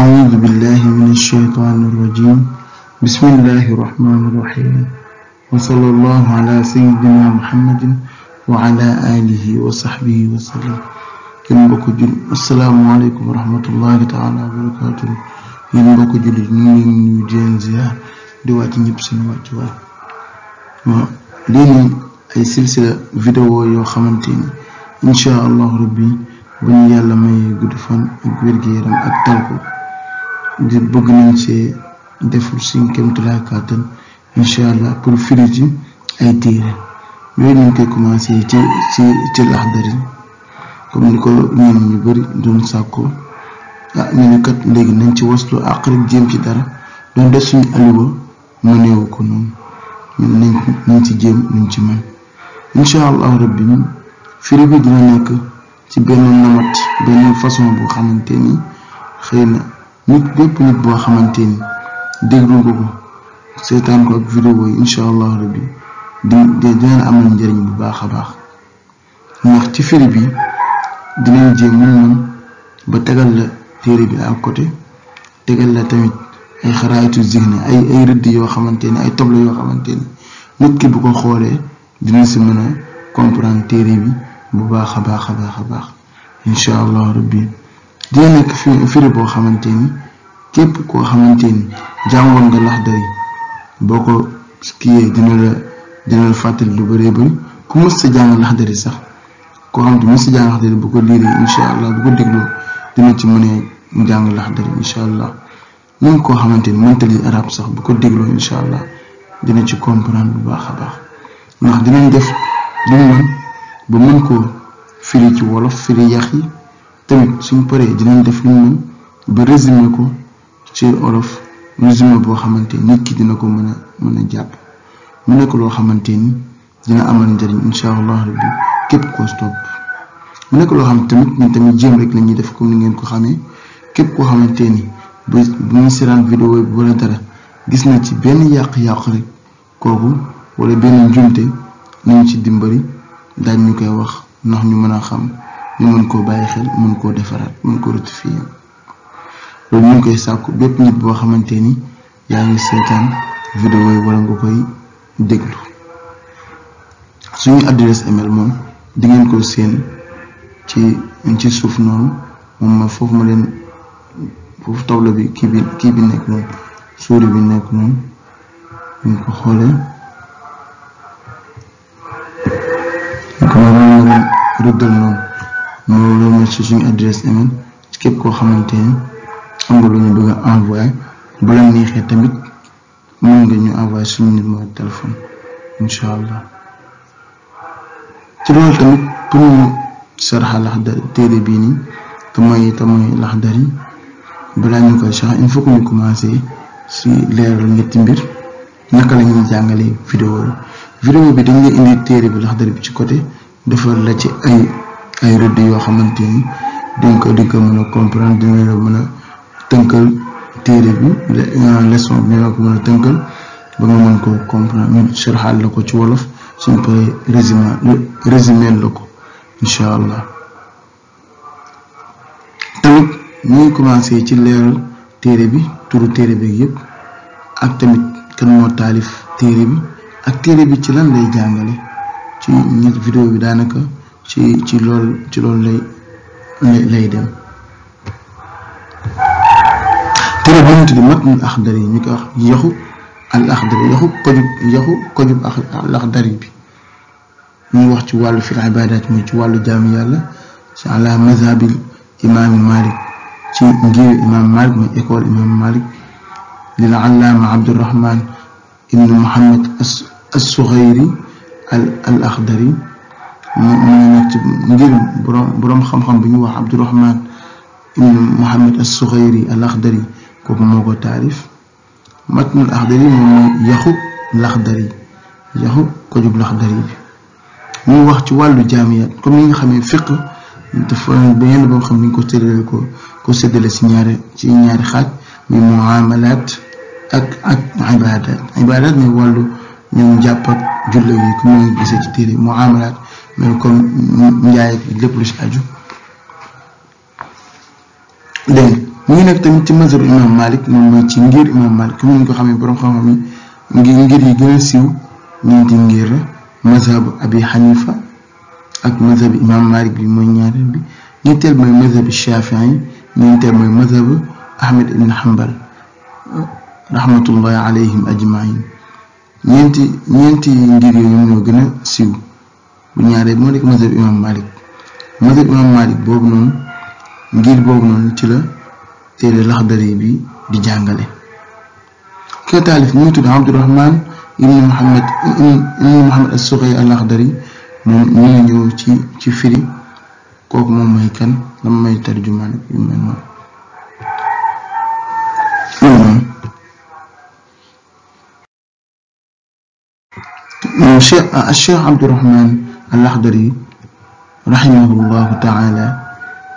أعوذ بالله من الشيطان الرجيم بسم الله الرحمن الرحيم وصلى الله على سيدنا محمد وعلى آله وصحبه وسلم yéen mbokku jul asalaamaaleykum wa rahmatullahi taala wa barakaatu yéen mbokku jul ñu ngi leen nuyu di leen ziar di wàcc ñëpp seen wàccuwaay waaw lii nii ay silsila vidéo yoo xamante ni incha allahu rabbi bu ñu yàlla may gudd fan ak wér gu ak tànku ngir bëgg nañ ci deful suñ kéemtulaay kàttan incha allah pour firi ci ay téere yooyu ñu koy commencé ci ci ci laxdari comme ni ko ñoom ñu bëri doon sàkko ah ñu léegi nañ ci waslu àq rek jéem ci dara doon def suñu aliwa mëneewu ko noonu ñun nañ nañ ci jéem luñ ci mën incha allah rabbi firi bi dina nekk. ci benn namat benn façon boo xamante ni xëy na nit bépp nit boo xamante ni déglu nga ko seetaan ko ak vidéo yi incha allah rabbi di di dina amal njëriñ bu baax a baax ndax ci firi bi dinañ jéem mën mën ba tegal la téere bi à côté tegal la tamit ay xaraayitu zihni ay ay rëdd yoo xamante ni ay tableau yoo xamante ni nit ki bu ko xoolee dina si mën a comprendre téere bi bu baax a baax a baax a baax incha allah rabbi dina nekk fi firi boo xamante ni képp koo xamante ni jàngoon nga Laxdari boo ko kiyee dina la dina la fàttali lu bëree bëri ku mës sa jàng Laxdari sax koo xamante mës sa jàng ko liiree incha allah bu ko dégloo dina ci jàng Laxdari incha allah même koo xamante ni mënta lii arab sax bu ko dégloo incha allah dina ci comprendre bu baax a baax ndax dinañ def lu ba mën ko firi ci wolof firi yax yi tamit suñ paree dinañ def lu ñu mën ba résumé ko ci olof résumé boo xamante nit ki dina ko mën a mën a jàpp mu nekk loo xamante ni dina amal njëriñ incha allah rabbi képp koo topp mu nekk loo xam tamit ñun tamit jéem rek la ñuy def comme ni ngeen ko xamee képp koo xamante ni bu bu ñu siraan vidéo bi wala dara gis na ci benn yàq-yàq rek kooku wala benn njumte nañ ci dimbali daañ ñu koy wax ndax ñu mën a xam ñu mën koo bàyyi xel mën koo defaraat mën koo rectifier loolu ñu ngi koy boo xamante ni yaa ngi seetaan vidéo yi wala nga koy déglu suñu adresse email moom di ngeen ko seen ci ci suuf noonu moom ma foofu ma leen foofu tableau bi kii bi kii bi nekk noonu souris bi nekk noonu ñu ko xoolee comme moom la rëddal ci képp koo xamante ne am lu ñu bëgg a envoyé tamit mën nga ñu envoyé suñu numéro téléphone incha allah ci loolu tamit pour ñu saraxa laxdar téere bii nii te mooy te mooy laxdar yi balaa ñu koy sax il faut que ñu commencé si leeral ñetti mbir naka la ñuy jàngalee vidéo vidéo bi dañ leen indi téere bi laxdar bi ci côté defal la ci ay ay rëdd yoo xamante ni dañ ko di ko mën a comprendre dina la mën a tënkal téere bi leçon bi dina ko mën a tënkal ba nga mën ko comprendre ñu la ko ci wolof suñ paree résumé la ko incha allah tamit ñuy commencé ci leeral téere bi turu téere bi yëpp ak tamit kan moo taalif téere bi ak téere bi ci lan lay jàngale ci ñett vidéo bi daanaka ci ci lool loolu lay lay dem téere bi ñu tuddi matnul Axdari ñu koy wax yaxu al Axdari yaxu kojub yaxu kojub al Axdari bi ñuy wax ci wàllu fi ibadat muy ci wàllu jaamu yàlla ci ala mazhabil imaami Malik ci ngir imaam Malik muy école imaam Malik lil allaama Abdurrahman ibnu Muhammad as-Suxayri al al Axdari mu ngi nekk ci ngir borom borom xam-xam bu ñu wax Abdurahman ibn Muhammad as-Suxayri al Axdari kooku moo ko taarif matnul Axdari moom mooy yaxub laxdari yaxub kojub laxdari bi muy wax ci wàllu jaamiyaat comme ni nga xamee fiq dafa benn boo xam ni ko tëralee ko ko séddale si ñaari ci ñaari xaaj muy muamalaat ak ak ibaadaat ibaadaat mooy wàllu. ñoom jàpp ak julli wuñ ko muy mu ngi nekk tamit ci mazhab imam malik moom mooy ci ngir imam malik comme ñu ko xamee borom xam-xam yi ngir ngir yi gën a siiw ñii di ngir mazhab abi xanifa ak mazhab imam malik bi mooy ñaareel bi ñetteel mooy mooy mazhab ahmed ibn hanbal rahmatullahi alayhim ñeenti ñeenti ngir yi ñoom ñoo gën a siiw bu ñaaree moo nekk mazhab imam malik mazhab imam malik boobu noonu ngir boobu noonu ci la téere laxdari bi di jàngale ki ko taalif ñu tudd abdurahman ibnu muhammad ibnu muhammad as-suqay al-laxdari moom ñu ngi ñëw ci ci firi kooku moom mooy Cheikh ah, Cheikh Abdourahman al-Akhdari rahimahullahu taala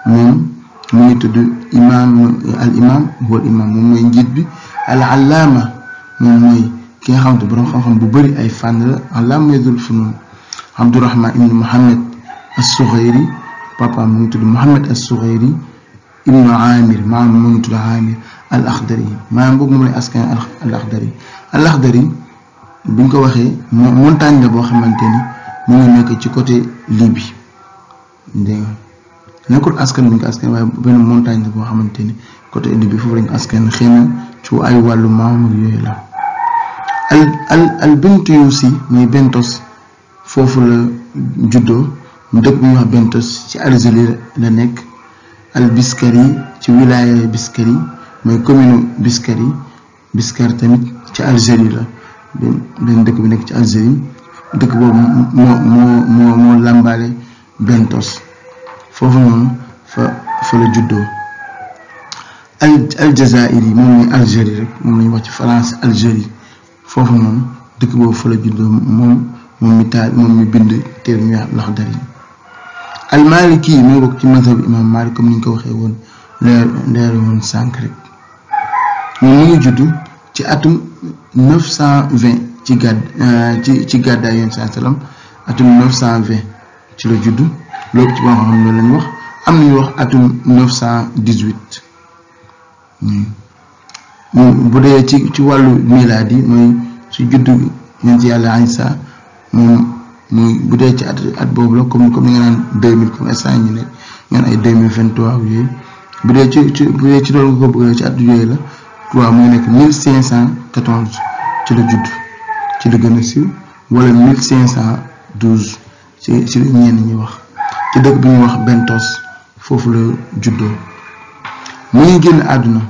moom mu ngi tudd imaam al imaam huwa al imaam moom mooy njiit bi al allaama moom mooy ki nga xamante borom xam-xam bu bëri ay fànn la allaama mooy dul funuun Abdourahman ibnu Mohamed as-Sughayri papaam mu ngi tudd Mohamed as-Sughayri ibnu Amir maam mu ngi tudd Amir al Akhdari maam boobu moom lay askan al Akhdari al Akhdari buñ ko waxee montagne la boo xamante ni mu ngi nekk ci côté Libye dégg nekkul askan bi ko askan waaye benn montagne la boo xamante ni côté Libye foofu lañ askan xëy na ci ay wàllu maam yooyu la al al al Bentayusi Bentos foofu la juddoo mu dëkk bu ñuy wax Bentos ci Algérie la nekk al Biskari ci wilaya Biskari mooy commune Biskari Biskar tamit ci Algérie la. benn dëkk bi nekk ci Algérie dëkk boobu moo moo moo moo làmbaale Bentos foofu noonu fa fa la juddoo al yi moom mooy Algérie rek moom la wax ci France Algérie foofu noonu dëkk boobu fa la juddoo moom moom mi taal moom mi bind téere ñu wax Laxdari yi almaliki yi mooy bokk ci mazhab imam Malik comme ni ñu ko waxee woon leer leer woon sànq rek ñoom mu ngi juddu ci atum 920 ci gàdd euh, ci ci gàddaay yoon saa salaam atum 920 ci la judd loolu ci boo xam ne lañu wax am nañu wax atum 918 bu dee ci ci wàllu milaad yi mooy su judd ñun ci yàlla Iisaa moom muy bu dee ci at at boobu la comme comme ni nga naan 2000 comme instant ñu ne ngeen ay 2023 ak yooyu bu dee bu dee ci loolu nga ko bëggee ci at yooyu la. Touba mu nekk mille cinq cent quatorze ci la judd ci la gën a siiw wala mille cinq cent douze ci ci la ñenn ñi wax ci dëkk bi ñuy wax Bentos foofu la juddoo mu ngi génn àdduna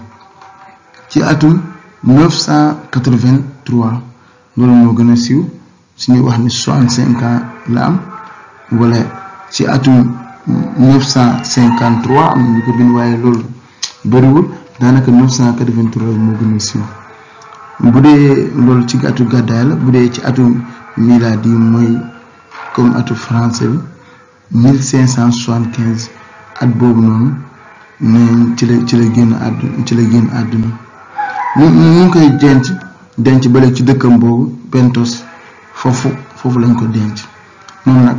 ci atum neuf cent quatre-vingt-trois loolu moo gën a siiw suñuy wax ni soixante la am wala ci atum neuf cent cinquante-trois am na ko bind waaye loolu bëriwul daanaka 993 moo gën a siiw bu dee loolu ci atu gàddaay la bu dee ci atu milaad yi mooy comme atu français bi 1575 at boobu noonu neen ci la ci la génn àdduna ci la génn àdduna koy denc denc ba léegi ci dëkkam boobu pentos foofu foofu lañ ko denc moom nag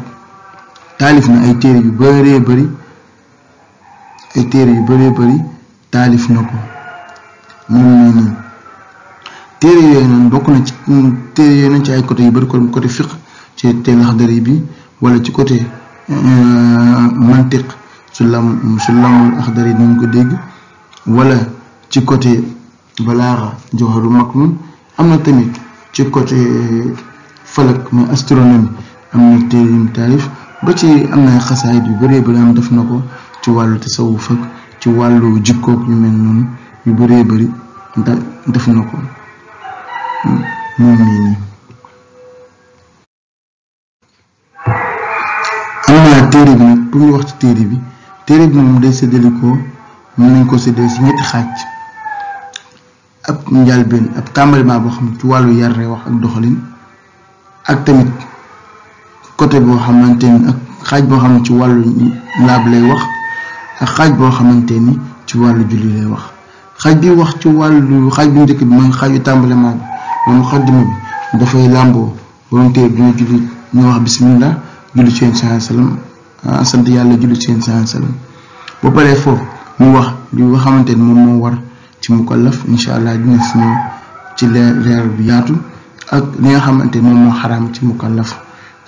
taalif na ay téere yu bëree bëri ay téere yu bëree bëri taalif na ko moom mii nii téere yooyu noonu bokk na ci mm, téere yooyu noonu ci ay côté yu bëri ko côté fiq ci téere Laxdari bi wala ci côté euh, mantiq su lam su lamul Laxdari ko dégg wala ci côté balaaxa Jawharu Maknuun am na tamit ci côté falak mais astronomie am na téere yu mu taalif ba ci am na xasaayit yu bëree bëri am def na ko ci wàllu tasawuf ak ci wàllu jikkoog yu mel noonu yu bëree bëri da def na ko moom mii wax ci téere bi téere bi moom day séddale ko mën nañ ko séddale si ñetti xaaj ab njàlbeen ab tàmbaliment boo xam ne ci wàllu yar wax ak doxalin ak tamit côté boo xamante ak xaaj boo xam ne ci wàllu laab lay wax ak xaaj boo xamante ni ci wàllu julli lay wax xaaj bi wax ci wàllu xaaj bu njëkk bi mooy xaaju tàmbalement bi moom xaddima bi dafay làmboo borom téere bi ñu julli ñu wax bismillah julli ci yéen salaam ah, sant yàlla julli ci yéen saa salaam ba pare foofu mu wax li nga xamante ni moom moo war ci mukallaf incha allah dina si ñëw ci leer leer bi yaatu ak li nga xamante ni moom moo xaraam ci mukallaf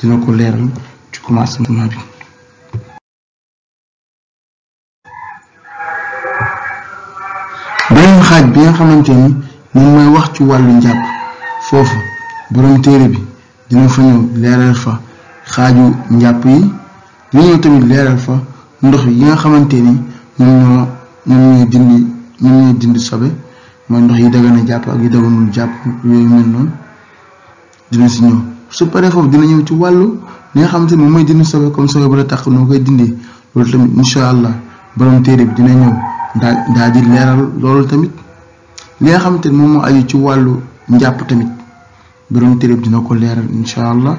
dina ko leeral ci commencement bi. beneen xaaj bi nga xamante ni moom mooy wax ci wàllu njàpp foofu borom téere bi dina fa ñëw leeral fa xaaju njàpp yi dina ñëw tamit leeral fa ndox yi nga xamante ni ñoom ñoo ñoom ñooy dindi sobe mooy ndox yi dagan a jàpp ak yi daganul jàpp yooyu mel noonu dina si ñëw su paree foofu dina ñëw ci wàllu li nga xamante ni moom mooy dindi sobe comme sobe bu la tax noo koy dindi loolu tamit incha allah borom téere bi dina ñëw. daa daa di leeral loolu tamit li nga xamante ni moom moo aju ci wàllu njàpp tamit boroom téere dina ko leeral incha allah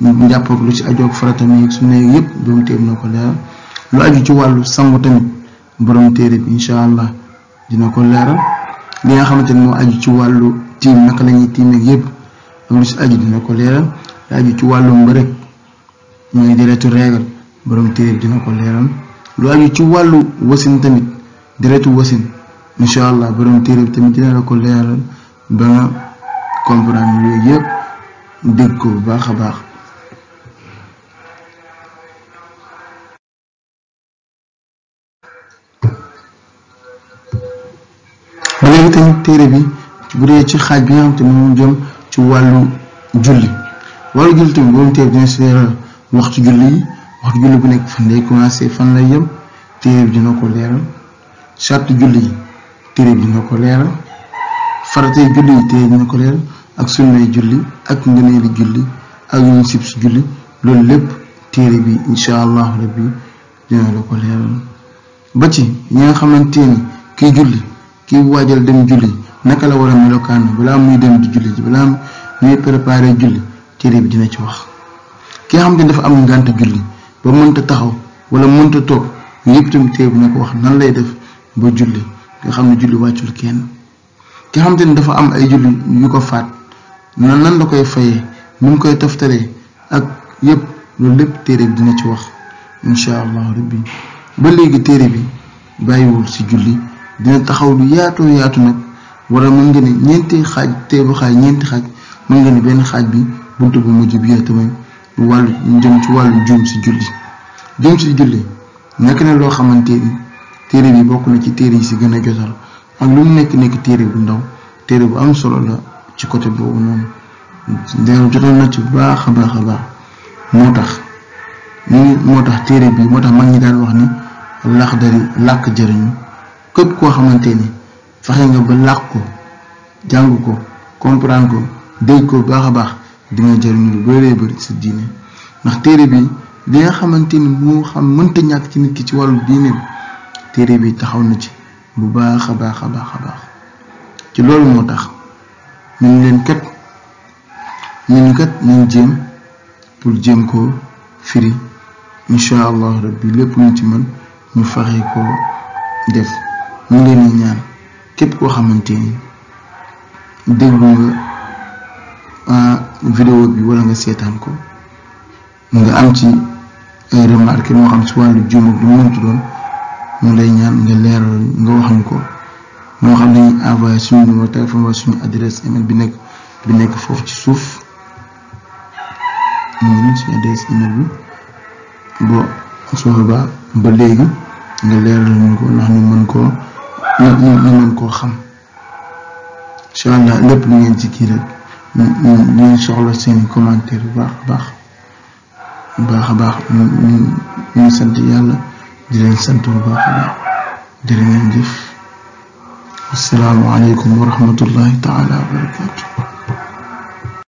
njàpp lu ci aju ak faratam su ne yëpp borom téere ko leeral lu ci wàllu sangu tamit borom téere bi incha allah dina ko leeral li nga xamante ni moo aju ci wàllu tiim naka la ñuy tiimeeg yëpp lu ko leeral lu aju ci wàllu mbërëg mooy deretu reegal boroom téere dina ko leeral lu aju ci wàllu wasin tamit. deretu wasin incha allah borom téere bi tamit dina la ko leeral ba nga comprendre yooyu yëpp dégg ko bu baax a baax. ba téere bi bu dee ci xaaj bi moom jëm ci wàllu julli wàllu julli tamit borom téere bi dina si leeral waxtu julli yi waxtu julli bu nekk fan lay commencé fan lay yem téere bi dina ko leeral. charte julli yi téere bi dina ko leeral faratay julli yi téere dina ko leeral ak sunnay julli ak ngëneeli julli ak yuñ sib si julli loolu lépp téere bi incha allahu rabbi dina la ko leeral ba ci ñi nga xamante ni kiy julli kiy waajal dem julli naka la war a melokaan balaa muy dem di julli ji balaa muy préparer julli téere bi dina ci wax ki nga xamante ni dafa am ngànt julli ba mënta taxaw wala mënta toog yëpp tamit téere bi na ko wax nan lay def ba julli nga xam ne julli wàccul kenn ki xam te ne dafa am ay julli yu ko faat nan nan la koy fayee nu mu koy toftalee ak yépp loolu lépp téere bi dina ci wax incha allah rabbi ba léegi téere bi bàyyiwul ci julli dina taxaw lu yaatoo yaatu nag wala mën ngi ne ñeenti xaaj teebu xaaj ñeenti xaaj mën nga ne benn xaaj bi buntu bu mujj bi tamit wàllu jëm ci wàllu jum ci julli jëm ci julli nekk na loo xamante ni téere bi bokk na ci téere yi si gën a jotal ak lu mu nekk nekk téere bu ndaw téere bu am solo la ci côté boobu noonu delloo jotal na ci baax a baax a baax moo tax ñu moo tax téere bi moo tax mag ñi daan wax ni lax dari làkk jëriñu képp koo xamante ni fexe nga ba làkk ko jàng ko comprendre ko dégg ko baax a baax di nga jëriñu lu bëree bëri sa diine ndax téere bi li nga xamante ni moo xam mënta ñàkk ci nit ki ci wàllu diine bi téere bi taxaw na ci bu baax a baax a baax a baax ci loolu moo tax ñu ngi leen kat ñu ngi kat ñu ngi jéem pour jéem koo firi incha allah rabbi lépp nañ ci mën ñu fexe koo def ñu ngi leen ñaan képp koo xamante ni déglu nga ah, vidéo bi wala nga seetaan ko nga am ci ay remarque moo xam ci wàllu juum ak lu mu doon. ñu lay ñaan nga leeral nga wax ñu ko moo xam dañuy envoyé suñu numéro téléphone wala suñu adresse email bi nekk bi nekk foofu ci suuf ñu ngi suñu adresse email bi boo soo ba ba léegi nga leeral ñu ko ndax ñu mën koo ñu mën koo xam incha allah lépp lu ngeen ci kii rek ñu ñu soxla seen commentaire bu baax a baax baax a baax ñu ñu sant yàlla. di leen sant bu assalaamu aleykum wa rahmatullahi taala